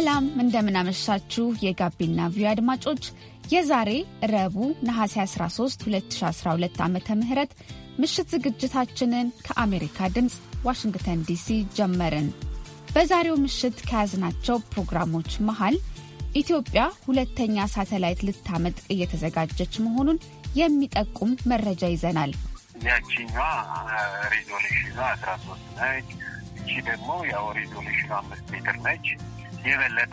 ሰላም እንደምናመሻችሁ የጋቢና ቪዮ አድማጮች የዛሬ ረቡዕ ነሐሴ 13 2012 ዓ ም ምሽት ዝግጅታችንን ከአሜሪካ ድምፅ ዋሽንግተን ዲሲ ጀመርን። በዛሬው ምሽት ከያዝናቸው ፕሮግራሞች መሃል ኢትዮጵያ ሁለተኛ ሳተላይት ልታመጥቅ እየተዘጋጀች መሆኑን የሚጠቁም መረጃ ይዘናል። ያቺኛ ሪዞሉሽኗ 13 ነች። እቺ ደግሞ ያው ሪዞሉሽኗ አምስት ሜትር ነች። የበለጠ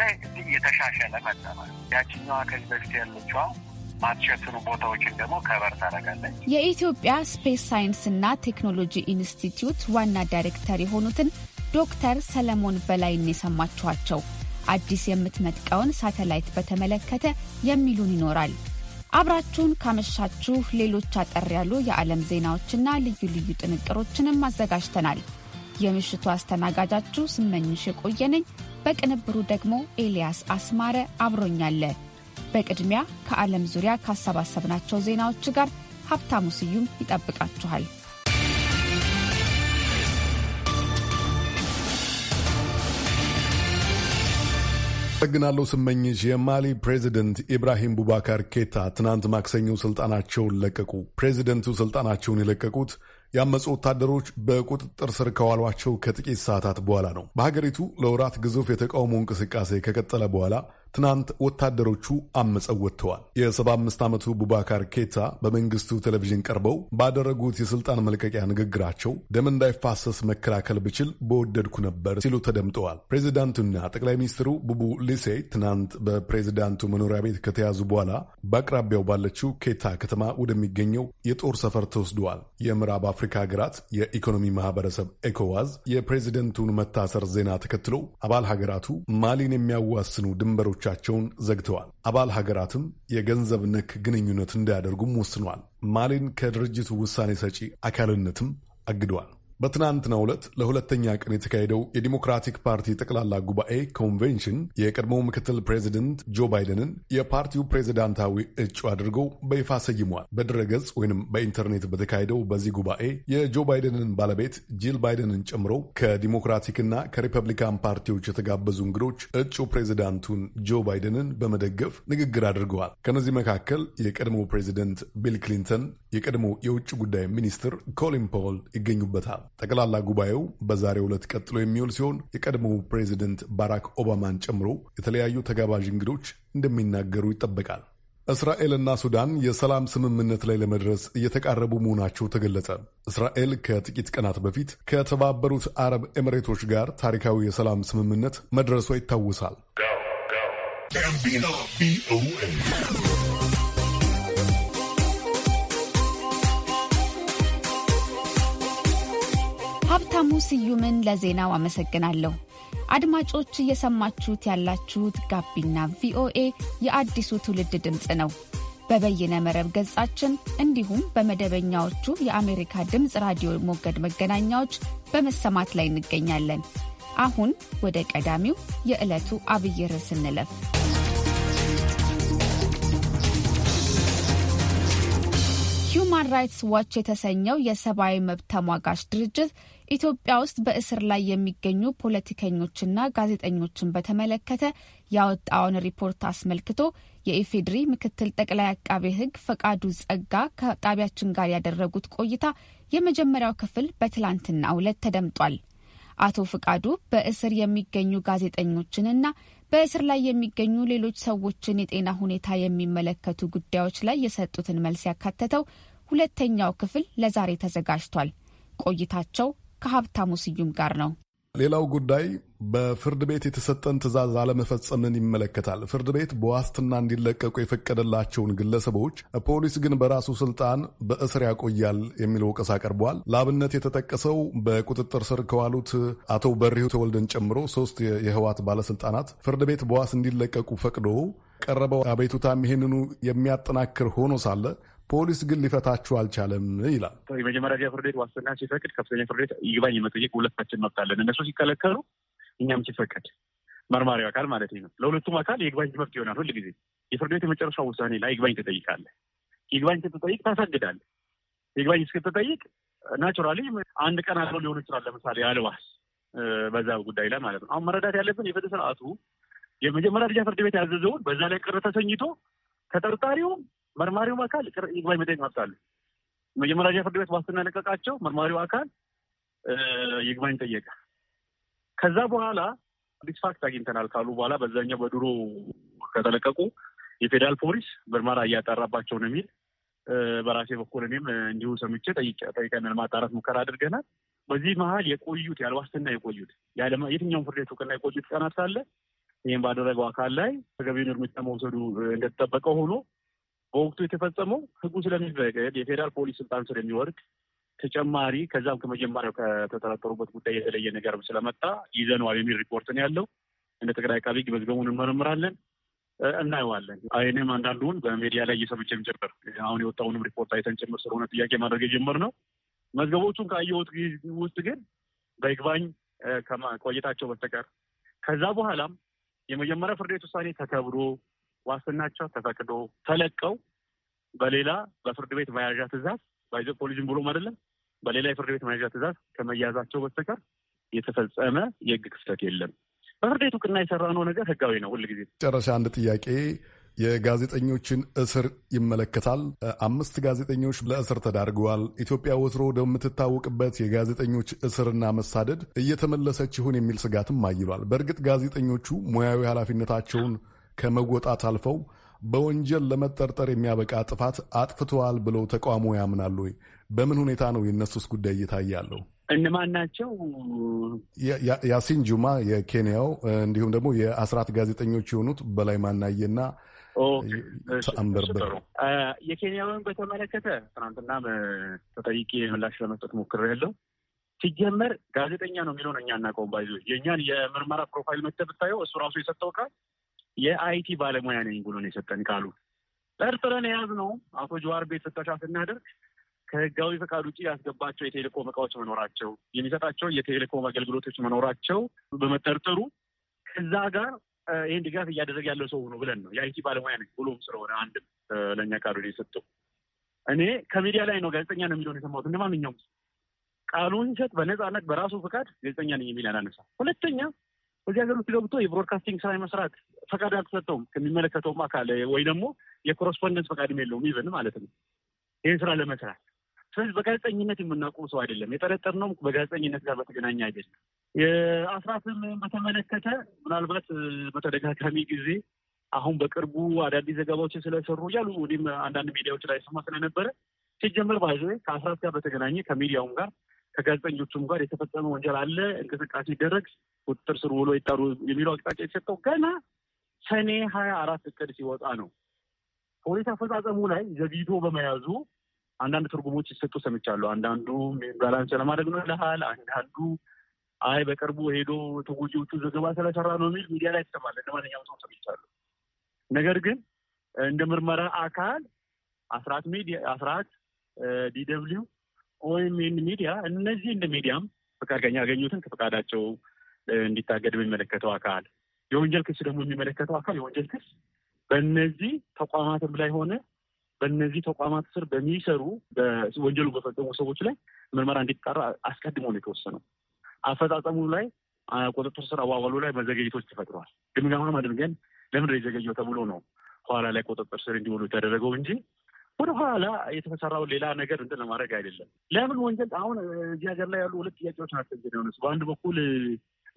መጣ ማለት ያችኛዋ ከዚህ በፊት ያለችዋ ማትሸፍኑ ቦታዎችን ደግሞ ከበር ታደርጋለች። የኢትዮጵያ ስፔስ ሳይንስና ቴክኖሎጂ ኢንስቲትዩት ዋና ዳይሬክተር የሆኑትን ዶክተር ሰለሞን በላይን የሰማችኋቸው አዲስ የምትመጥቀውን ሳተላይት በተመለከተ የሚሉን ይኖራል። አብራችሁን ካመሻችሁ ሌሎች አጠር ያሉ የዓለም ዜናዎችና ልዩ ልዩ ጥንቅሮችንም አዘጋጅተናል። የምሽቱ አስተናጋጃችሁ ስመኝሽ የቆየነኝ በቅንብሩ ደግሞ ኤልያስ አስማረ አብሮኛለ። በቅድሚያ ከዓለም ዙሪያ ካሰባሰብናቸው ዜናዎች ጋር ሀብታሙ ስዩም ይጠብቃችኋል። አመሰግናለሁ ስመኝሽ። የማሊ ፕሬዚደንት ኢብራሂም ቡባካር ኬታ ትናንት ማክሰኞ ስልጣናቸውን ለቀቁ። ፕሬዚደንቱ ስልጣናቸውን የለቀቁት ያመፁ ወታደሮች በቁጥጥር ስር ከዋሏቸው ከጥቂት ሰዓታት በኋላ ነው። በሀገሪቱ ለወራት ግዙፍ የተቃውሞ እንቅስቃሴ ከቀጠለ በኋላ ትናንት ወታደሮቹ አመፀው ወጥተዋል። የ75 ዓመቱ ቡባካር ኬታ በመንግስቱ ቴሌቪዥን ቀርበው ባደረጉት የሥልጣን መልቀቂያ ንግግራቸው ደም እንዳይፋሰስ መከላከል ብችል በወደድኩ ነበር ሲሉ ተደምጠዋል። ፕሬዚዳንቱና ጠቅላይ ሚኒስትሩ ቡቡ ሊሴ ትናንት በፕሬዚዳንቱ መኖሪያ ቤት ከተያዙ በኋላ በአቅራቢያው ባለችው ኬታ ከተማ ወደሚገኘው የጦር ሰፈር ተወስደዋል። የምዕራብ አፍሪካ ሀገራት የኢኮኖሚ ማህበረሰብ ኤኮዋዝ የፕሬዚደንቱን መታሰር ዜና ተከትሎ አባል ሀገራቱ ማሊን የሚያዋስኑ ድንበሮቻቸውን ዘግተዋል። አባል ሀገራትም የገንዘብ ነክ ግንኙነት እንዳያደርጉም ወስኗል። ማሊን ከድርጅቱ ውሳኔ ሰጪ አካልነትም አግደዋል። በትናንትናው ዕለት ለሁለተኛ ቀን የተካሄደው የዲሞክራቲክ ፓርቲ ጠቅላላ ጉባኤ ኮንቬንሽን የቀድሞው ምክትል ፕሬዚደንት ጆ ባይደንን የፓርቲው ፕሬዚዳንታዊ እጩ አድርገው በይፋ ሰይሟል። በድረገጽ ወይንም በኢንተርኔት በተካሄደው በዚህ ጉባኤ የጆ ባይደንን ባለቤት ጂል ባይደንን ጨምሮ ከዲሞክራቲክና ከሪፐብሊካን ፓርቲዎች የተጋበዙ እንግዶች እጩ ፕሬዚዳንቱን ጆ ባይደንን በመደገፍ ንግግር አድርገዋል። ከነዚህ መካከል የቀድሞው ፕሬዚደንት ቢል ክሊንተን የቀድሞ የውጭ ጉዳይ ሚኒስትር ኮሊን ፖል ይገኙበታል። ጠቅላላ ጉባኤው በዛሬው ዕለት ቀጥሎ የሚውል ሲሆን የቀድሞው ፕሬዚደንት ባራክ ኦባማን ጨምሮ የተለያዩ ተጋባዥ እንግዶች እንደሚናገሩ ይጠበቃል። እስራኤልና ሱዳን የሰላም ስምምነት ላይ ለመድረስ እየተቃረቡ መሆናቸው ተገለጸ። እስራኤል ከጥቂት ቀናት በፊት ከተባበሩት አረብ ኤምሬቶች ጋር ታሪካዊ የሰላም ስምምነት መድረሷ ይታወሳል። ሀብታሙ ስዩምን ለዜናው አመሰግናለሁ። አድማጮች እየሰማችሁት ያላችሁት ጋቢና ቪኦኤ የአዲሱ ትውልድ ድምፅ ነው። በበይነ መረብ ገጻችን እንዲሁም በመደበኛዎቹ የአሜሪካ ድምፅ ራዲዮ ሞገድ መገናኛዎች በመሰማት ላይ እንገኛለን። አሁን ወደ ቀዳሚው የዕለቱ አብይ ርዕስ እንለፍ። ሁማን ራይትስ ዋች የተሰኘው የሰብአዊ መብት ተሟጋች ድርጅት ኢትዮጵያ ውስጥ በእስር ላይ የሚገኙ ፖለቲከኞችና ጋዜጠኞችን በተመለከተ ያወጣውን ሪፖርት አስመልክቶ የኢፌዴሪ ምክትል ጠቅላይ አቃቤ ሕግ ፈቃዱ ጸጋ ከጣቢያችን ጋር ያደረጉት ቆይታ የመጀመሪያው ክፍል በትላንትና ዕለት ተደምጧል። አቶ ፍቃዱ በእስር የሚገኙ ጋዜጠኞችንና በእስር ላይ የሚገኙ ሌሎች ሰዎችን የጤና ሁኔታ የሚመለከቱ ጉዳዮች ላይ የሰጡትን መልስ ያካተተው ሁለተኛው ክፍል ለዛሬ ተዘጋጅቷል። ቆይታቸው ከሀብታሙ ስዩም ጋር ነው። ሌላው ጉዳይ በፍርድ ቤት የተሰጠን ትዕዛዝ አለመፈጸምን ይመለከታል። ፍርድ ቤት በዋስትና እንዲለቀቁ የፈቀደላቸውን ግለሰቦች ፖሊስ ግን በራሱ ስልጣን በእስር ያቆያል የሚል ወቀሳ ቀርቧል። ለአብነት የተጠቀሰው በቁጥጥር ስር ከዋሉት አቶ በሪሁ ተወልደን ጨምሮ ሶስት የህዋት ባለስልጣናት ፍርድ ቤት በዋስ እንዲለቀቁ ፈቅዶ ቀረበው አቤቱታም ይህንኑ የሚያጠናክር ሆኖ ሳለ ፖሊስ ግን ሊፈታችሁ አልቻለም ይላል። የመጀመሪያ ፍርድ ቤት ዋስትና ሲፈቅድ፣ ከፍተኛ ፍርድ ቤት ይግባኝ የመጠየቅ ሁለታችን መብት እነሱ ሲከለከሉ፣ እኛም ሲፈቀድ፣ መርማሪው አካል ማለት ነው። ለሁለቱም አካል የይግባኝ መብት ይሆናል። ሁል ጊዜ የፍርድ ቤት የመጨረሻ ውሳኔ ላይ ይግባኝ ትጠይቃለ። ይግባኝ ስትጠይቅ ታሳግዳለ። ይግባኝ እስክትጠይቅ ናቹራሊ አንድ ቀን አ ሊሆኑ ይችላል። ለምሳሌ አልባስ በዛ ጉዳይ ላይ ማለት ነው። አሁን መረዳት ያለብን የፍትህ ስርዓቱ የመጀመሪያ ደረጃ ፍርድ ቤት ያዘዘውን በዛ ላይ ቅር ተሰኝቶ ተጠርጣሪው መርማሪውም አካል ይግባኝ መጠየቅ መብት አለው። መጀመሪያ ፍርድ ቤት ዋስትና የለቀቃቸው መርማሪው አካል ይግባኝ ጠየቀ። ከዛ በኋላ አዲስ ፋክት አግኝተናል ካሉ በኋላ በዛኛው በድሮ ከተለቀቁ የፌዴራል ፖሊስ ምርመራ እያጣራባቸው ነው የሚል በራሴ በኩል እኔም እንዲሁ ሰምቼ ጠይቀን ለማጣራት ሙከራ አድርገናል። በዚህ መሀል የቆዩት ያልዋስትና የቆዩት የትኛውም ፍርድ ቤት እውቅና የቆዩት ቀናት ካለ ይህም ባደረገው አካል ላይ ተገቢውን እርምጃ መውሰዱ እንደተጠበቀው ሆኖ በወቅቱ የተፈጸመው ህጉ ስለሚፈቅድ የፌዴራል ፖሊስ ስልጣን ስለሚወርቅ ተጨማሪ ከዛም ከመጀመሪያው ከተጠረጠሩበት ጉዳይ የተለየ ነገር ስለመጣ ይዘነዋል የሚል ሪፖርት ነው ያለው። እንደ ጠቅላይ አቃቢ ህግ መዝገቡን እንመረምራለን፣ እናየዋለን። አይንም አንዳንዱን በሚዲያ ላይ እየሰምቼም ጭምር አሁን የወጣውንም ሪፖርት አይተን ጭምር ስለሆነ ጥያቄ ማድረግ ነው። መዝገቦቹን ካየሁት ውስጥ ግን በይግባኝ ቆይታቸው በስተቀር ከዛ በኋላም የመጀመሪያ ፍርድ ቤት ውሳኔ ተከብሮ ዋስትናቸው ተፈቅዶ ተለቀው በሌላ በፍርድ ቤት መያዣ ትእዛዝ ባይዞ ፖሊጅን ብሎም አይደለም በሌላ የፍርድ ቤት መያዣ ትእዛዝ ከመያዛቸው በስተቀር የተፈጸመ የህግ ክፍተት የለም። በፍርድ ቤት እውቅና የሰራነው ነገር ህጋዊ ነው። ሁልጊዜ ጨረሻ አንድ ጥያቄ የጋዜጠኞችን እስር ይመለከታል። አምስት ጋዜጠኞች ለእስር ተዳርገዋል። ኢትዮጵያ ወትሮ ወደምትታወቅበት የጋዜጠኞች እስርና መሳደድ እየተመለሰች ይሆን የሚል ስጋትም አይሏል። በእርግጥ ጋዜጠኞቹ ሙያዊ ኃላፊነታቸውን ከመወጣት አልፈው በወንጀል ለመጠርጠር የሚያበቃ ጥፋት አጥፍተዋል ብለው ተቃውሞ ያምናሉ ወይ? በምን ሁኔታ ነው የእነሱስ ጉዳይ እየታያለው? ያለው? እነማን ናቸው? ያሲን ጁማ የኬንያው እንዲሁም ደግሞ የአስራት ጋዜጠኞች የሆኑት በላይ ማናየና የኬንያውን በተመለከተ ትናንትና ተጠይቄ ምላሽ ለመስጠት ያለው ሲጀመር ጋዜጠኛ ነው የሚለውን እኛ እናውቀውም። ባይዞ የእኛን የምርመራ ፕሮፋይል መጥተህ ብታየው እሱ ራሱ የሰጠው ቃል የአይቲ ባለሙያ ነኝ ብሎ ነው የሰጠን ቃሉ። ጠርጥረን የያዝ ነው አቶ ጀዋር ቤት ፍተሻ ስናደርግ ከህጋዊ ፈቃድ ውጭ ያስገባቸው የቴሌኮም እቃዎች መኖራቸው፣ የሚሰጣቸው የቴሌኮም አገልግሎቶች መኖራቸው በመጠርጠሩ ከዛ ጋር ይህን ድጋፍ እያደረገ ያለው ሰው ነው ብለን ነው የአይቲ ባለሙያ ነኝ ብሎም ስለሆነ አንድም ለእኛ ቃሉ የሰጠው እኔ ከሚዲያ ላይ ነው ጋዜጠኛ ነው የሚለውን የሰማሁት። እንደማንኛውም ቃሉን ሲሰጥ በነፃነት በራሱ ፈቃድ ጋዜጠኛ ነኝ የሚል አላነሳ። ሁለተኛ በዚህ ሀገር ውስጥ ገብቶ የብሮድካስቲንግ ስራ መስራት ፈቃድ አልተሰጠውም ከሚመለከተውም አካል ወይ ደግሞ የኮረስፖንደንስ ፈቃድም የለውም ይብን ማለት ነው ይህን ስራ ለመስራት ስለዚህ በጋዜጠኝነት የምናውቀው ሰው አይደለም። የጠረጠርነውም በጋዜጠኝነት ጋር በተገናኘ አይደለም። የአስራትም በተመለከተ ምናልባት በተደጋጋሚ ጊዜ አሁን በቅርቡ አዳዲስ ዘገባዎችን ስለሰሩ እያሉ እኔም አንዳንድ ሚዲያዎች ላይ ስማ ስለነበረ ሲጀመር ባይዘ ከአስራት ጋር በተገናኘ ከሚዲያውም ጋር ከጋዜጠኞቹም ጋር የተፈጸመ ወንጀል አለ፣ እንቅስቃሴ ይደረግ ቁጥጥር ስር ውሎ ይጠሩ የሚለው አቅጣጫ የተሰጠው ገና ሰኔ ሀያ አራት እቅድ ሲወጣ ነው። ፖሊስ አፈጻጸሙ ላይ ዘግይቶ በመያዙ አንዳንድ ትርጉሞች ሲሰጡ ሰምቻለሁ። አንዳንዱ ባላንስ ለማድረግ ነው ይልሃል። አንዳንዱ አይ በቅርቡ ሄዶ ተጎጂዎቹ ዘገባ ስለሰራ ነው የሚል ሚዲያ ላይ ይሰማል። እንደ ማንኛውም ሰው ሰምቻለሁ። ነገር ግን እንደ ምርመራ አካል አስራት ሚዲያ አስራት ዲደብሊው ኦኤምኤን ሚዲያ እነዚህ እንደ ሚዲያም ፈቃድ ያገኙትን ከፈቃዳቸው እንዲታገድ የሚመለከተው አካል፣ የወንጀል ክስ ደግሞ የሚመለከተው አካል የወንጀል ክስ በእነዚህ ተቋማትም ላይ ሆነ በእነዚህ ተቋማት ስር በሚሰሩ ወንጀሉ በፈጸሙ ሰዎች ላይ ምርመራ እንዲጣራ አስቀድሞ ነው የተወሰነው። አፈጻጸሙ ላይ ቁጥጥር ስር አዋዋሉ ላይ መዘገጅቶች ተፈጥረዋል። ግምገማም አድርገን ለምን የዘገየው ተብሎ ነው ኋላ ላይ ቁጥጥር ስር እንዲውሉ የተደረገው እንጂ ወደ ኋላ የተሰራውን ሌላ ነገር እንትን ለማድረግ አይደለም። ለምን ወንጀል አሁን እዚህ ሀገር ላይ ያሉ ሁለት ጥያቄዎች ናቸው። በአንድ በኩል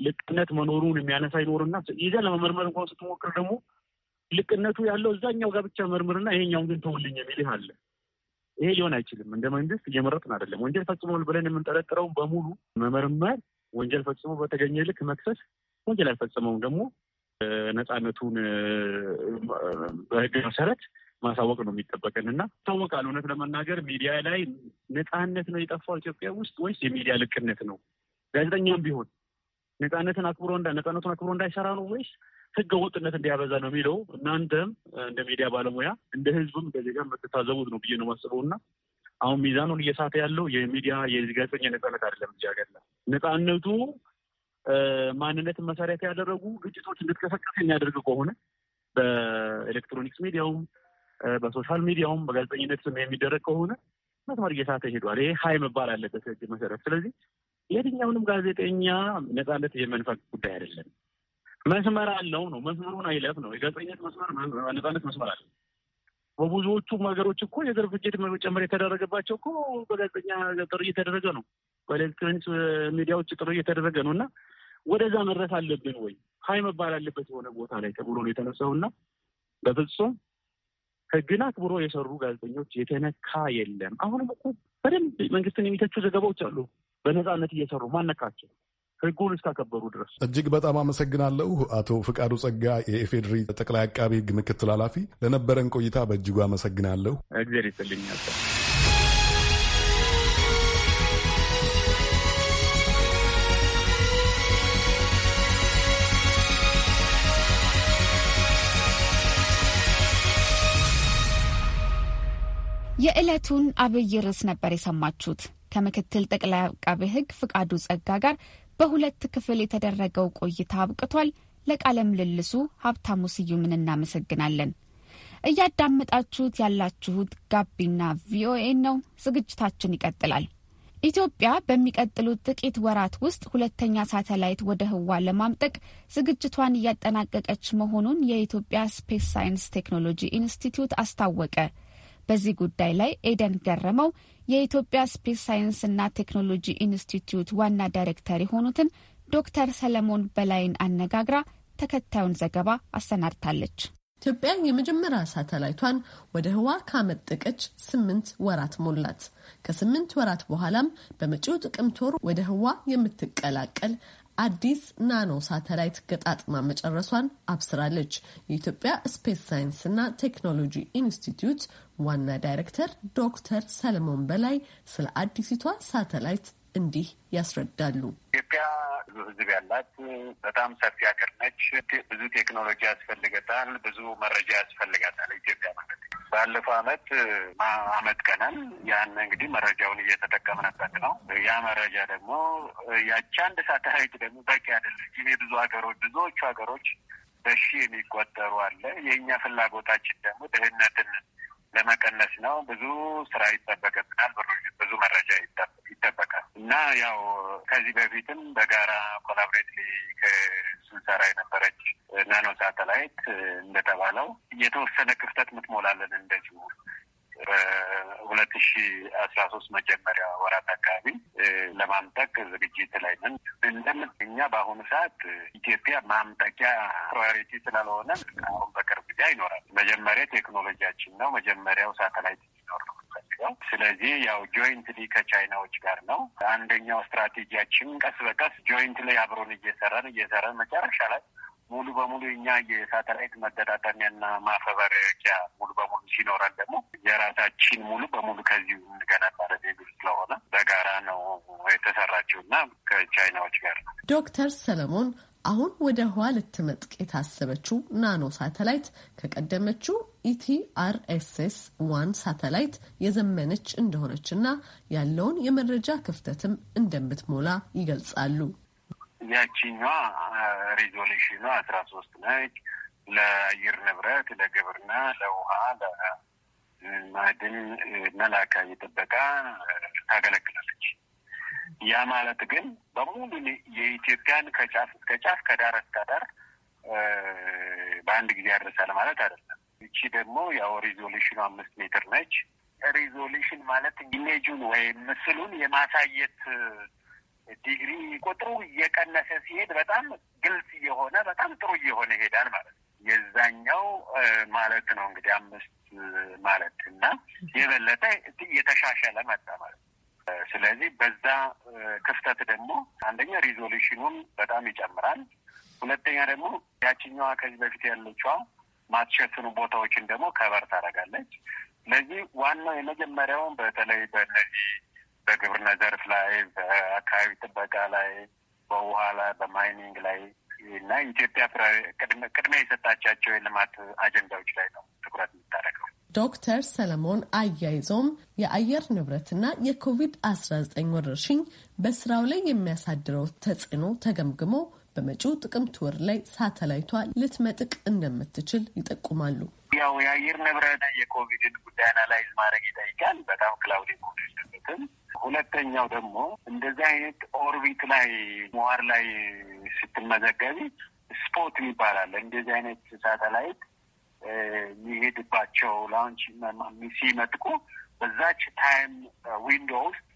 ልቅነት መኖሩን የሚያነሳ ይኖርና ይዘህ ለመመርመር እንኳን ስትሞክር ደግሞ ልቅነቱ ያለው እዛኛው ጋር ብቻ መርምርና ይሄኛውን ግን ተውልኝ የሚልህ አለ። ይሄ ሊሆን አይችልም። እንደ መንግስት እየመረጥን አይደለም። ወንጀል ፈጽሞ ብለን የምንጠረጥረውን በሙሉ መመርመር፣ ወንጀል ፈጽሞ በተገኘ ልክ መክሰስ፣ ወንጀል ያልፈጸመውን ደግሞ ነፃነቱን በህግ መሰረት ማሳወቅ ነው የሚጠበቅን እና ይታወቃል። እውነት ለመናገር ሚዲያ ላይ ነፃነት ነው የጠፋው ኢትዮጵያ ውስጥ ወይስ የሚዲያ ልቅነት ነው? ጋዜጠኛም ቢሆን ነጻነትን አክብሮ እንዳ ነጻነቱን አክብሮ እንዳይሰራ ነው ወይስ ህገ ወጥነት እንዲያበዛ ነው የሚለው እናንተም እንደ ሚዲያ ባለሙያ እንደ ህዝብም እንደ ዜጋ የምትታዘቡት ነው ብዬ ነው ማስበው እና አሁን ሚዛኑን እየሳተ ያለው የሚዲያ የጋዜጠኛ ነጻነት አይደለም እ ሀገር ነጻነቱ ማንነትን መሰረት ያደረጉ ግጭቶች እንድትቀሰቀስ የሚያደርግ ከሆነ በኤሌክትሮኒክስ ሚዲያውም በሶሻል ሚዲያውም በጋዜጠኝነት ስም የሚደረግ ከሆነ መስመር እየሳተ ይሄዷል። ይሄ ሀይ መባል አለበት ህግ መሰረት። ስለዚህ የትኛውንም ጋዜጠኛ ነፃነት የመንፈቅ ጉዳይ አይደለም። መስመር አለው ነው መስመሩን አይለፍ ነው። የጋዜጠኝነት መስመር መስመር አለው። በብዙዎቹ ሀገሮች እኮ የዘር ፍጅት መጨመር የተደረገባቸው እኮ በጋዜጠኛ ጥሪ እየተደረገ ነው፣ በኤሌክትሮኒክስ ሚዲያዎች ጥሪ እየተደረገ ነው። እና ወደዛ መድረስ አለብን ወይ ሀይ መባል አለበት የሆነ ቦታ ላይ ተብሎ ነው የተነሳው እና በፍጹም ህግን አክብሮ የሰሩ ጋዜጠኞች የተነካ የለም። አሁንም እኮ በደንብ መንግስትን የሚተቹ ዘገባዎች አሉ። በነፃነት እየሰሩ ማነካቸው ህጉን እስካከበሩ ድረስ። እጅግ በጣም አመሰግናለሁ አቶ ፍቃዱ ጸጋ፣ የኢፌዴሪ ጠቅላይ አቃቢ ህግ ምክትል ኃላፊ፣ ለነበረን ቆይታ በእጅጉ አመሰግናለሁ። እግዜር የዕለቱን አብይ ርዕስ ነበር የሰማችሁት። ከምክትል ጠቅላይ አቃቤ ሕግ ፍቃዱ ጸጋ ጋር በሁለት ክፍል የተደረገው ቆይታ አብቅቷል። ለቃለ ምልልሱ ሀብታሙ ስዩምን እናመሰግናለን። እያዳመጣችሁት ያላችሁት ጋቢና ቪኦኤ ነው። ዝግጅታችን ይቀጥላል። ኢትዮጵያ በሚቀጥሉት ጥቂት ወራት ውስጥ ሁለተኛ ሳተላይት ወደ ህዋ ለማምጠቅ ዝግጅቷን እያጠናቀቀች መሆኑን የኢትዮጵያ ስፔስ ሳይንስ ቴክኖሎጂ ኢንስቲትዩት አስታወቀ። በዚህ ጉዳይ ላይ ኤደን ገረመው የኢትዮጵያ ስፔስ ሳይንስና ቴክኖሎጂ ኢንስቲትዩት ዋና ዳይሬክተር የሆኑትን ዶክተር ሰለሞን በላይን አነጋግራ ተከታዩን ዘገባ አሰናድታለች። ኢትዮጵያ የመጀመሪያ ሳተላይቷን ወደ ህዋ ካመጠቀች ስምንት ወራት ሞላት። ከስምንት ወራት በኋላም በመጪው ጥቅምት ወር ወደ ህዋ የምትቀላቀል አዲስ ናኖ ሳተላይት ገጣጥማ መጨረሷን አብስራለች። የኢትዮጵያ ስፔስ ሳይንስና ቴክኖሎጂ ኢንስቲትዩት ዋና ዳይሬክተር ዶክተር ሰለሞን በላይ ስለ አዲሲቷ ሳተላይት እንዲህ ያስረዳሉ። ኢትዮጵያ ብዙ ሕዝብ ያላት በጣም ሰፊ ሀገር ነች። ብዙ ቴክኖሎጂ ያስፈልገታል። ብዙ መረጃ ያስፈልጋታል። ኢትዮጵያ ማለት ባለፈው አመት አመት ቀናል ያን እንግዲህ መረጃውን እየተጠቀምንበት ነው። ያ መረጃ ደግሞ ያቺ አንድ ሳተላይት ደግሞ በቂ አይደለች። ይሄ ብዙ ሀገሮች ብዙዎቹ ሀገሮች በሺ የሚቆጠሩ አለ። የእኛ ፍላጎታችን ደግሞ ድህነትን ለመቀነስ ነው። ብዙ ስራ ይጠበቅብናል። ብዙ መረጃ ይጠበቃል እና ያው ከዚህ በፊትም በጋራ ኮላብሬትሊ ከስንሰራ የነበረች ናኖ ሳተላይት እንደተባለው የተወሰነ ክፍተት ምትሞላለን እንደዚሁ ሁለት ሺ አስራ ሶስት መጀመሪያ ወራት አካባቢ ለማምጠቅ ዝግጅት ላይ ነን። እንደምንኛ በአሁኑ ሰዓት ኢትዮጵያ ማምጠቂያ ፕራዮሪቲ ስላልሆነ አሁን በቅርብ ጊዜ አይኖርም። መጀመሪያ ቴክኖሎጂያችን ነው። መጀመሪያው ሳተላይት እንዲኖር ነው የምንፈልገው። ስለዚህ ያው ጆይንትሊ ከቻይናዎች ጋር ነው አንደኛው ስትራቴጂያችን። ቀስ በቀስ ጆይንት ላይ አብሮን እየሰራን እየሰራን መጨረሻ ላይ ሙሉ በሙሉ እኛ የሳተላይት መገጣጠሚያና ማፈበሪያ ሙሉ በሙሉ ሲኖረን ደግሞ የራሳችን ሙሉ በሙሉ ከዚሁ እንገናል ማለት ስለሆነ በጋራ ነው የተሰራችው እና ከቻይናዎች ጋር ነው። ዶክተር ሰለሞን አሁን ወደ ህዋ ልትመጥቅ የታሰበችው ናኖ ሳተላይት ከቀደመችው ኢቲአርኤስኤስ ዋን ሳተላይት የዘመነች እንደሆነች እና ያለውን የመረጃ ክፍተትም እንደምትሞላ ይገልጻሉ። ያቺኛ ሪዞሉሽኗ አስራ ሶስት ነች። ለአየር ንብረት፣ ለግብርና፣ ለውሃ፣ ለማዕድን እና ለአካባቢ ጥበቃ ታገለግላል። ያ ማለት ግን በሙሉ የኢትዮጵያን ከጫፍ እስከ ጫፍ ከዳር እስከ ዳር በአንድ ጊዜ ያደርሳል ማለት አይደለም። እቺ ደግሞ ያው ሪዞሉሽኑ አምስት ሜትር ነች። ሪዞሉሽን ማለት ኢሜጁን ወይም ምስሉን የማሳየት ዲግሪ ቁጥሩ እየቀነሰ ሲሄድ በጣም ግልጽ እየሆነ በጣም ጥሩ እየሆነ ይሄዳል ማለት ነው። የዛኛው ማለት ነው እንግዲህ አምስት ማለት እና የበለጠ የተሻሻለ መጣ ማለት ስለዚህ በዛ ክፍተት ደግሞ አንደኛ ሪዞሉሽኑን በጣም ይጨምራል። ሁለተኛ ደግሞ ያችኛዋ ከዚህ በፊት ያለችዋ ማትሸፍኑ ቦታዎችን ደግሞ ከበር ታደርጋለች። ስለዚህ ዋናው የመጀመሪያውን በተለይ በነዚህ በግብርና ዘርፍ ላይ፣ በአካባቢ ጥበቃ ላይ፣ በውሃ ላይ፣ በማይኒንግ ላይ እና ኢትዮጵያ ቅድሚያ የሰጣቻቸው የልማት አጀንዳዎች ላይ ነው ትኩረት የሚታደረግ ዶክተር ሰለሞን አያይዞም የአየር ንብረትና የኮቪድ-19 ወረርሽኝ በስራው ላይ የሚያሳድረው ተጽዕኖ ተገምግሞ በመጪው ጥቅምት ወር ላይ ሳተላይቷ ልትመጥቅ እንደምትችል ይጠቁማሉ። ያው የአየር ንብረት የኮቪድን ጉዳይ አናላይዝ ማድረግ ይጠይቃል። በጣም ክላውድ መሆኑ የለበትም። ሁለተኛው ደግሞ እንደዚህ አይነት ኦርቢት ላይ መዋር ላይ ስትመዘገቢ ስፖት ይባላል። እንደዚህ አይነት ሳተላይት የሚሄድባቸው ላንች ሲመጥቁ በዛች ታይም ዊንዶ ውስጥ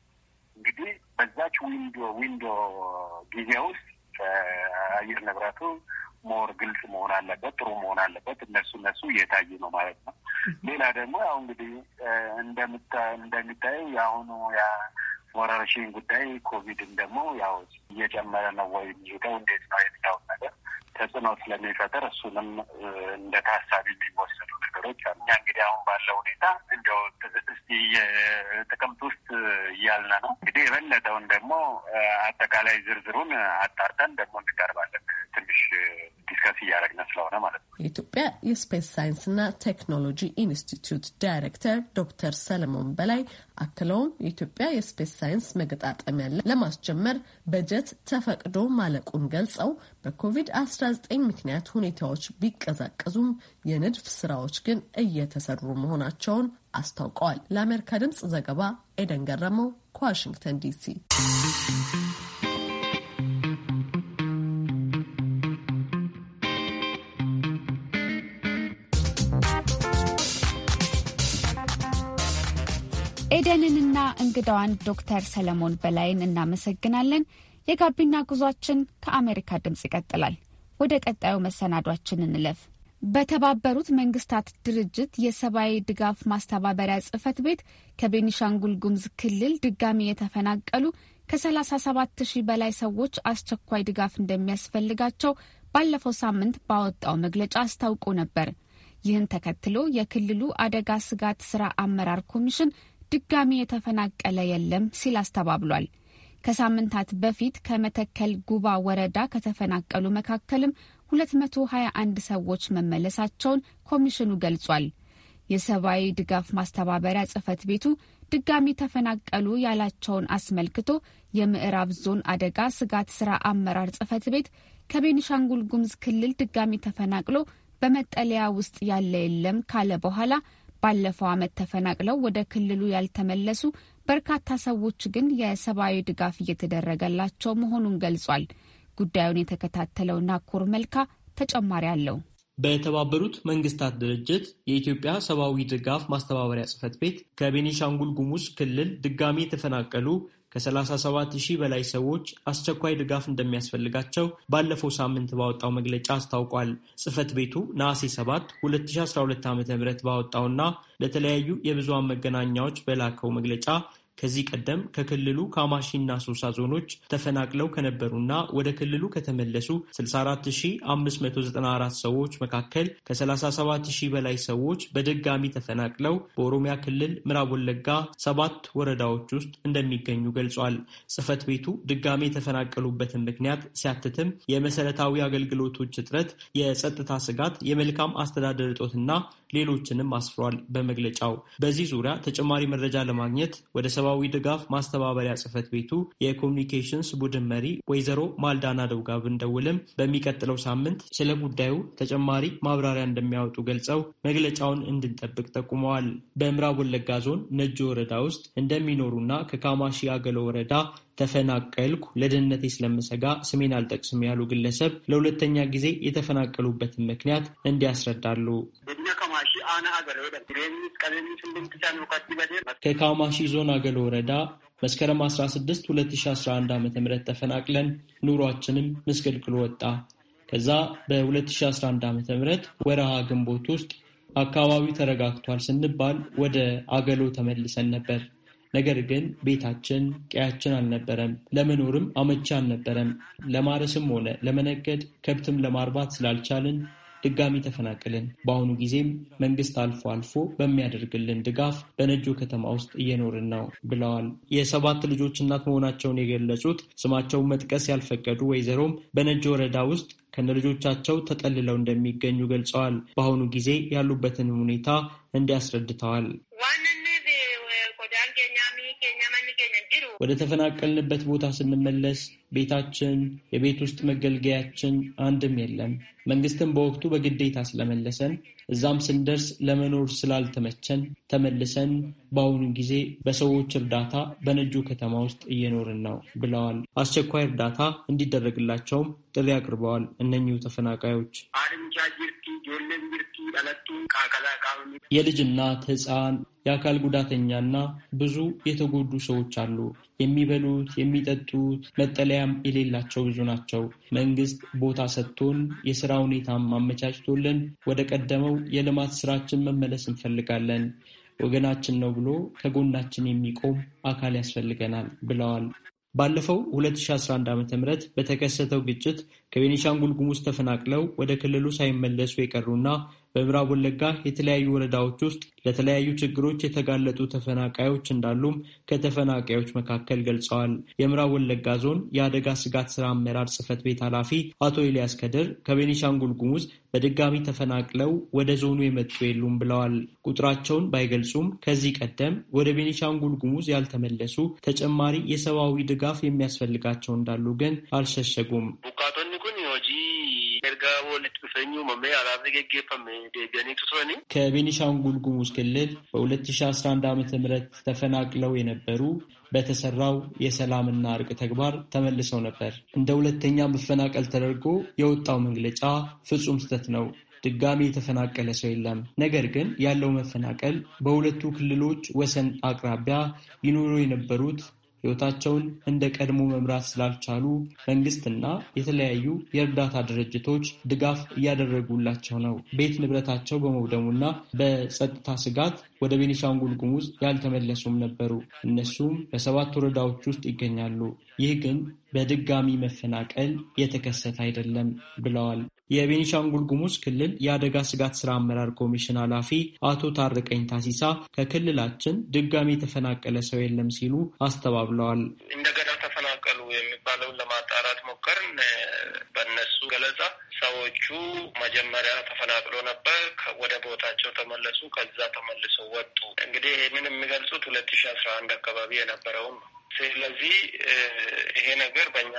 እንግዲህ በዛች ዊንዶ ዊንዶ ጊዜ ውስጥ አየር ንብረቱ ሞር ግልጽ መሆን አለበት፣ ጥሩ መሆን አለበት። እነሱ እነሱ እየታዩ ነው ማለት ነው። ሌላ ደግሞ ያው እንግዲህ እንደምታ እንደሚታየው የአሁኑ ወረርሽኝ ጉዳይ ኮቪድን ደግሞ ያው እየጨመረ ነው ወይ የሚሄደው እንዴት ነው የሚለው ተጽዕኖ ስለሚፈጥር እሱንም እንደ ታሳቢ የሚወሰዱ ነገሮች አሉ። እኛ እንግዲህ አሁን ባለው ሁኔታ እንደው እስቲ የጥቅምት ውስጥ እያልን ነው። እንግዲህ የበለጠውን ደግሞ አጠቃላይ ዝርዝሩን አጣርተን ደግሞ እንቀርባለን ትንሽ ዲስከስ እያደረግን ስለሆነ ማለት ነው። የኢትዮጵያ የስፔስ ሳይንስና ቴክኖሎጂ ኢንስቲትዩት ዳይሬክተር ዶክተር ሰለሞን በላይ አክለውም የኢትዮጵያ የስፔስ ሳይንስ መገጣጠሚያ ለማስጀመር በጀት ተፈቅዶ ማለቁን ገልጸው በኮቪድ-19 ምክንያት ሁኔታዎች ቢቀዛቀዙም የንድፍ ስራዎች ግን እየተሰሩ መሆናቸውን አስታውቀዋል። ለአሜሪካ ድምጽ ዘገባ ኤደን ገረመው ከዋሽንግተን ዲሲ ኤደንንና እንግዳዋን ዶክተር ሰለሞን በላይን እናመሰግናለን። የጋቢና ጉዟችን ከአሜሪካ ድምፅ ይቀጥላል። ወደ ቀጣዩ መሰናዷችን እንለፍ። በተባበሩት መንግስታት ድርጅት የሰብአዊ ድጋፍ ማስተባበሪያ ጽህፈት ቤት ከቤኒሻንጉል ጉሙዝ ክልል ድጋሚ የተፈናቀሉ ከ37 ሺህ በላይ ሰዎች አስቸኳይ ድጋፍ እንደሚያስፈልጋቸው ባለፈው ሳምንት ባወጣው መግለጫ አስታውቆ ነበር። ይህን ተከትሎ የክልሉ አደጋ ስጋት ስራ አመራር ኮሚሽን ድጋሚ የተፈናቀለ የለም ሲል አስተባብሏል። ከሳምንታት በፊት ከመተከል ጉባ ወረዳ ከተፈናቀሉ መካከልም 221 ሰዎች መመለሳቸውን ኮሚሽኑ ገልጿል። የሰብአዊ ድጋፍ ማስተባበሪያ ጽህፈት ቤቱ ድጋሚ ተፈናቀሉ ያላቸውን አስመልክቶ የምዕራብ ዞን አደጋ ስጋት ስራ አመራር ጽህፈት ቤት ከቤኒሻንጉል ጉሙዝ ክልል ድጋሚ ተፈናቅሎ በመጠለያ ውስጥ ያለ የለም ካለ በኋላ ባለፈው ዓመት ተፈናቅለው ወደ ክልሉ ያልተመለሱ በርካታ ሰዎች ግን የሰብአዊ ድጋፍ እየተደረገላቸው መሆኑን ገልጿል። ጉዳዩን የተከታተለው ናኮር መልካ ተጨማሪ አለው። በተባበሩት መንግስታት ድርጅት የኢትዮጵያ ሰብአዊ ድጋፍ ማስተባበሪያ ጽህፈት ቤት ከቤኒሻንጉል ጉሙዝ ክልል ድጋሚ የተፈናቀሉ ከ37 ሺህ በላይ ሰዎች አስቸኳይ ድጋፍ እንደሚያስፈልጋቸው ባለፈው ሳምንት ባወጣው መግለጫ አስታውቋል። ጽህፈት ቤቱ ነሐሴ 7 2012 ዓ ም ባወጣውና ለተለያዩ የብዙሃን መገናኛዎች በላከው መግለጫ ከዚህ ቀደም ከክልሉ ካማሺና ሶሳ ዞኖች ተፈናቅለው ከነበሩና ወደ ክልሉ ከተመለሱ 64594 ሰዎች መካከል ከ37000 በላይ ሰዎች በድጋሚ ተፈናቅለው በኦሮሚያ ክልል ምዕራብ ወለጋ ሰባት ወረዳዎች ውስጥ እንደሚገኙ ገልጿል። ጽህፈት ቤቱ ድጋሚ የተፈናቀሉበትን ምክንያት ሲያትትም የመሰረታዊ አገልግሎቶች እጥረት፣ የጸጥታ ስጋት፣ የመልካም አስተዳደር እጦትና ሌሎችንም አስፍሯል። በመግለጫው በዚህ ዙሪያ ተጨማሪ መረጃ ለማግኘት ወደ የሰብአዊ ድጋፍ ማስተባበሪያ ጽህፈት ቤቱ የኮሚኒኬሽንስ ቡድን መሪ ወይዘሮ ማልዳና ደውጋ ብንደውልም በሚቀጥለው ሳምንት ስለ ጉዳዩ ተጨማሪ ማብራሪያ እንደሚያወጡ ገልጸው መግለጫውን እንድንጠብቅ ጠቁመዋል። በምዕራብ ወለጋ ዞን ነጆ ወረዳ ውስጥ እንደሚኖሩና ከካማሺ አገሎ ወረዳ ተፈናቀልኩ ለደህንነቴ ስለምሰጋ ስሜን አልጠቅስም ያሉ ግለሰብ ለሁለተኛ ጊዜ የተፈናቀሉበትን ምክንያት እንዲያስረዳሉ። ከካማሺ ዞን አገል ወረዳ መስከረም 16 2011 ዓ ም ተፈናቅለን ኑሯችንም ምስቅልቅሎ ወጣ። ከዛ በ2011 ዓ ም ወረሃ ግንቦት ውስጥ አካባቢው ተረጋግቷል ስንባል ወደ አገሎ ተመልሰን ነበር። ነገር ግን ቤታችን ቀያችን አልነበረም። ለመኖርም አመቻ አልነበረም። ለማረስም ሆነ ለመነገድ ከብትም ለማርባት ስላልቻልን ድጋሚ ተፈናቅልን። በአሁኑ ጊዜም መንግስት አልፎ አልፎ በሚያደርግልን ድጋፍ በነጆ ከተማ ውስጥ እየኖርን ነው ብለዋል። የሰባት ልጆች እናት መሆናቸውን የገለጹት ስማቸውን መጥቀስ ያልፈቀዱ ወይዘሮም በነጆ ወረዳ ውስጥ ከነልጆቻቸው ተጠልለው እንደሚገኙ ገልጸዋል። በአሁኑ ጊዜ ያሉበትን ሁኔታ እንዲያስረድተዋል። ወደ ተፈናቀልንበት ቦታ ስንመለስ ቤታችን፣ የቤት ውስጥ መገልገያችን አንድም የለም። መንግስትም በወቅቱ በግዴታ ስለመለሰን እዛም ስንደርስ ለመኖር ስላልተመቸን ተመልሰን በአሁኑ ጊዜ በሰዎች እርዳታ በነጁ ከተማ ውስጥ እየኖርን ነው ብለዋል። አስቸኳይ እርዳታ እንዲደረግላቸውም ጥሪ አቅርበዋል። እነኚሁ ተፈናቃዮች የልጅ እናት፣ ህፃን። የአካል ጉዳተኛና ብዙ የተጎዱ ሰዎች አሉ። የሚበሉት የሚጠጡት፣ መጠለያም የሌላቸው ብዙ ናቸው። መንግስት ቦታ ሰጥቶን የስራ ሁኔታም አመቻችቶልን ወደ ቀደመው የልማት ስራችን መመለስ እንፈልጋለን። ወገናችን ነው ብሎ ከጎናችን የሚቆም አካል ያስፈልገናል ብለዋል። ባለፈው 2011 ዓ ም በተከሰተው ግጭት ከቤኒሻንጉል ጉሙዝ ተፈናቅለው ወደ ክልሉ ሳይመለሱ የቀሩና በምዕራብ ወለጋ የተለያዩ ወረዳዎች ውስጥ ለተለያዩ ችግሮች የተጋለጡ ተፈናቃዮች እንዳሉም ከተፈናቃዮች መካከል ገልጸዋል። የምዕራብ ወለጋ ዞን የአደጋ ስጋት ስራ አመራር ጽህፈት ቤት ኃላፊ አቶ ኤልያስ ከድር ከቤኒሻንጉል ጉሙዝ በድጋሚ ተፈናቅለው ወደ ዞኑ የመጡ የሉም ብለዋል። ቁጥራቸውን ባይገልጹም ከዚህ ቀደም ወደ ቤኒሻንጉል ጉሙዝ ያልተመለሱ ተጨማሪ የሰብአዊ ድጋፍ የሚያስፈልጋቸው እንዳሉ ግን አልሸሸጉም። ከቤኒሻንጉል ጉሙዝ ክልል በ2011 ዓ.ም ተፈናቅለው የነበሩ በተሰራው የሰላምና እርቅ ተግባር ተመልሰው ነበር። እንደ ሁለተኛ መፈናቀል ተደርጎ የወጣው መግለጫ ፍጹም ስህተት ነው። ድጋሚ የተፈናቀለ ሰው የለም። ነገር ግን ያለው መፈናቀል በሁለቱ ክልሎች ወሰን አቅራቢያ ይኖሩ የነበሩት ህይወታቸውን እንደ ቀድሞ መምራት ስላልቻሉ መንግስትና የተለያዩ የእርዳታ ድርጅቶች ድጋፍ እያደረጉላቸው ነው። ቤት ንብረታቸው በመውደሙና በጸጥታ ስጋት ወደ ቤኒሻንጉል ጉሙዝ ያልተመለሱም ነበሩ። እነሱም በሰባት ወረዳዎች ውስጥ ይገኛሉ። ይህ ግን በድጋሚ መፈናቀል የተከሰተ አይደለም ብለዋል። የቤኒሻንጉል ጉሙዝ ክልል የአደጋ ስጋት ስራ አመራር ኮሚሽን ኃላፊ አቶ ታርቀኝ ታሲሳ ከክልላችን ድጋሚ የተፈናቀለ ሰው የለም ሲሉ አስተባብለዋል። እንደገና ተፈናቀሉ የሚባለውን ለማጣራት ሞከርን። በነሱ ገለጻ ሰዎቹ መጀመሪያ ተፈናቅሎ ነበር። ወደ ቦታቸው ተመለሱ። ከዛ ተመልሶ ወጡ። እንግዲህ ይህንን የሚገልጹት ሁለት ሺ አስራ አንድ አካባቢ የነበረውን ነው። ስለዚህ ይሄ ነገር በእኛ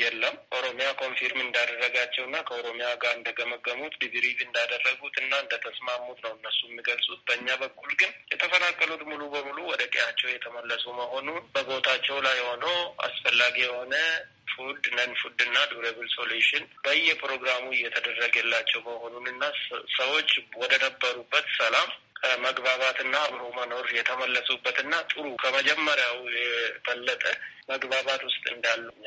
የለም። ኦሮሚያ ኮንፊርም እንዳደረጋቸው እና ከኦሮሚያ ጋር እንደገመገሙት ዲግሪቭ እንዳደረጉት እና እንደተስማሙት ነው እነሱ የሚገልጹት። በእኛ በኩል ግን የተፈናቀሉት ሙሉ በሙሉ ወደ ቀያቸው የተመለሱ መሆኑን በቦታቸው ላይ ሆኖ አስፈላጊ የሆነ ፉድ ነን ፉድ እና ዱሬብል ሶሉሽን በየፕሮግራሙ እየተደረገላቸው መሆኑን እና ሰዎች ወደ ነበሩበት ሰላም መግባባትና አብሮ መኖር የተመለሱበትና ጥሩ ከመጀመሪያው የበለጠ መግባባት ውስጥ እንዳሉ እኛ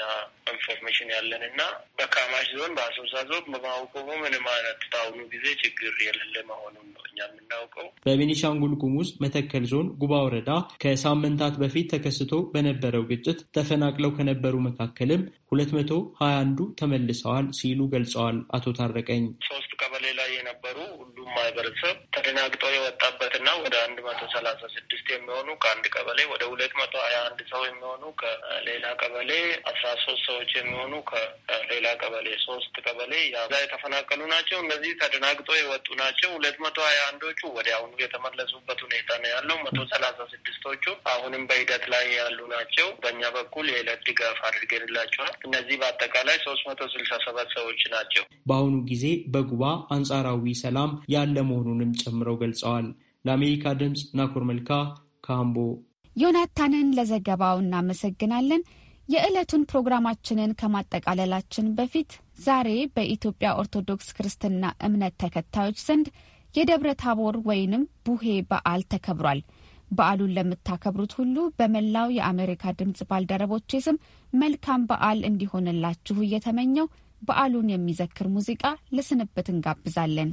ኢንፎርሜሽን ያለን እና በካማሽ ዞን በአሶሳ ዞን በማውቀሙ ምንም አይነት በአሁኑ ጊዜ ችግር የሌለ መሆኑን ነው እኛ የምናውቀው። በቤኒሻንጉል ጉሙዝ መተከል ዞን ጉባ ወረዳ ከሳምንታት በፊት ተከስቶ በነበረው ግጭት ተፈናቅለው ከነበሩ መካከልም ሁለት መቶ ሀያ አንዱ ተመልሰዋል ሲሉ ገልጸዋል። አቶ ታረቀኝ ሶስት ቀበሌ ላይ የነበሩ ሁሉም ማህበረሰብ ተደናግጦ የወጣበትና ወደ አንድ መቶ ሰላሳ ስድስት የሚሆኑ ከአንድ ቀበሌ ወደ ሁለት መቶ ሀያ አንድ ሰው የሚሆኑ ከሌላ ቀበሌ አስራ ሶስት ሰዎች የሚሆኑ ከሌላ ቀበሌ ሶስት ቀበሌ ያዛ የተፈናቀሉ ናቸው። እነዚህ ተደናግጦ የወጡ ናቸው። ሁለት መቶ ሀያ አንዶቹ ወዲያውኑ የተመለሱበት ሁኔታ ነው ያለው። መቶ ሰላሳ ስድስቶቹ አሁንም በሂደት ላይ ያሉ ናቸው። በእኛ በኩል የዕለት ድጋፍ አድርገንላቸዋል። እነዚህ በአጠቃላይ ሶስት መቶ ስልሳ ሰባት ሰዎች ናቸው። በአሁኑ ጊዜ በጉባ አንጻራዊ ሰላም ያለ መሆኑንም ጨምረው ገልጸዋል። ለአሜሪካ ድምፅ ናኮር መልካ ካምቦ። ዮናታንን ለዘገባው እናመሰግናለን። የዕለቱን ፕሮግራማችንን ከማጠቃለላችን በፊት ዛሬ በኢትዮጵያ ኦርቶዶክስ ክርስትና እምነት ተከታዮች ዘንድ የደብረ ታቦር ወይንም ቡሄ በዓል ተከብሯል። በዓሉን ለምታከብሩት ሁሉ በመላው የአሜሪካ ድምፅ ባልደረቦቼ ስም መልካም በዓል እንዲሆንላችሁ እየተመኘው በዓሉን የሚዘክር ሙዚቃ ለስንብት እንጋብዛለን።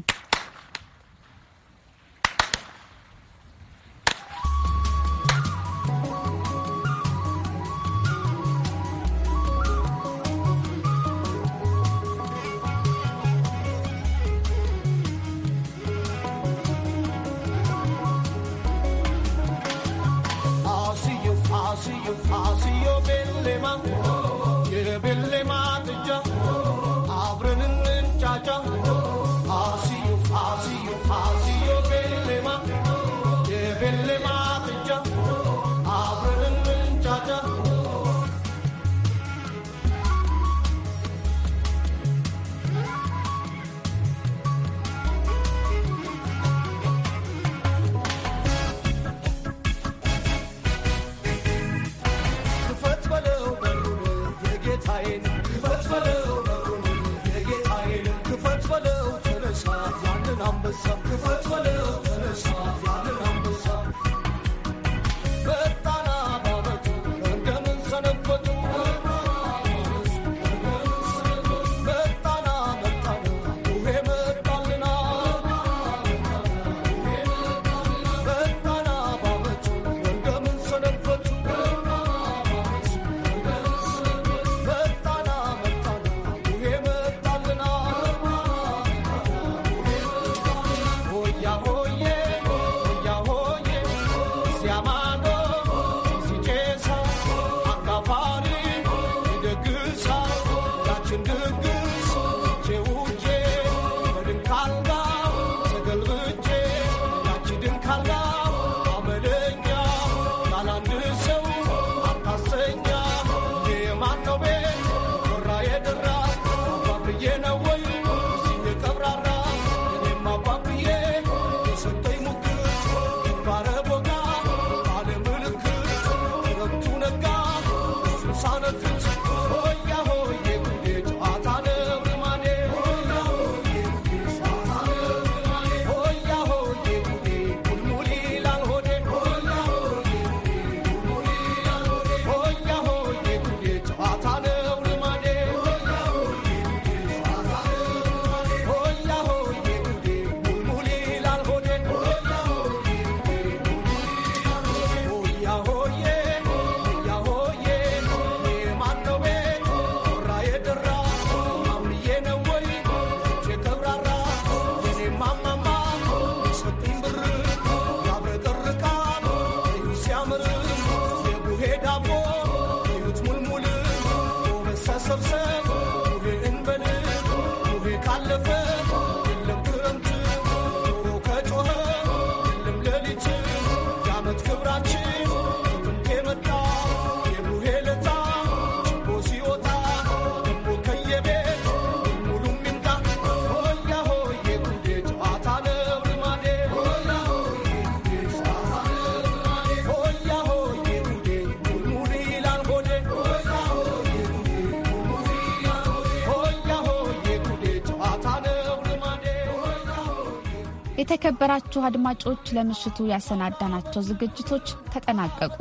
የተከበራችሁ አድማጮች ለምሽቱ ያሰናዳናቸው ዝግጅቶች ተጠናቀቁ።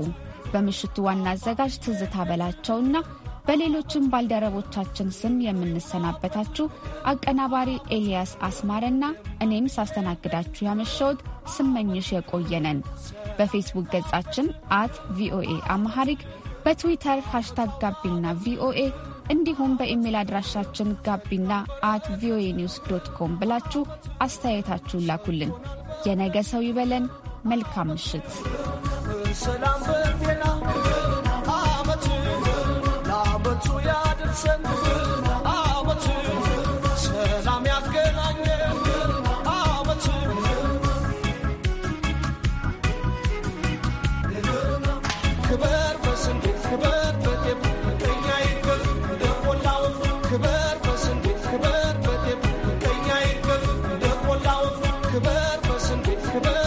በምሽቱ ዋና አዘጋጅ ትዝታ በላቸውና በሌሎችም ባልደረቦቻችን ስም የምንሰናበታችሁ አቀናባሪ ኤልያስ አስማረና እኔም ሳስተናግዳችሁ ያመሸውት ስመኝሽ የቆየነን። በፌስቡክ ገጻችን አት ቪኦኤ አማሐሪክ በትዊተር ሃሽታግ ጋቢና ቪኦኤ እንዲሁም በኢሜይል አድራሻችን ጋቢና አት ቪኦኤ ኒውስ ዶት ኮም ብላችሁ አስተያየታችሁን ላኩልን። የነገ ሰው ይበለን። መልካም ምሽት። ሰላም በጤና አመት ለአመቱ ያድርሰን። Goodbye.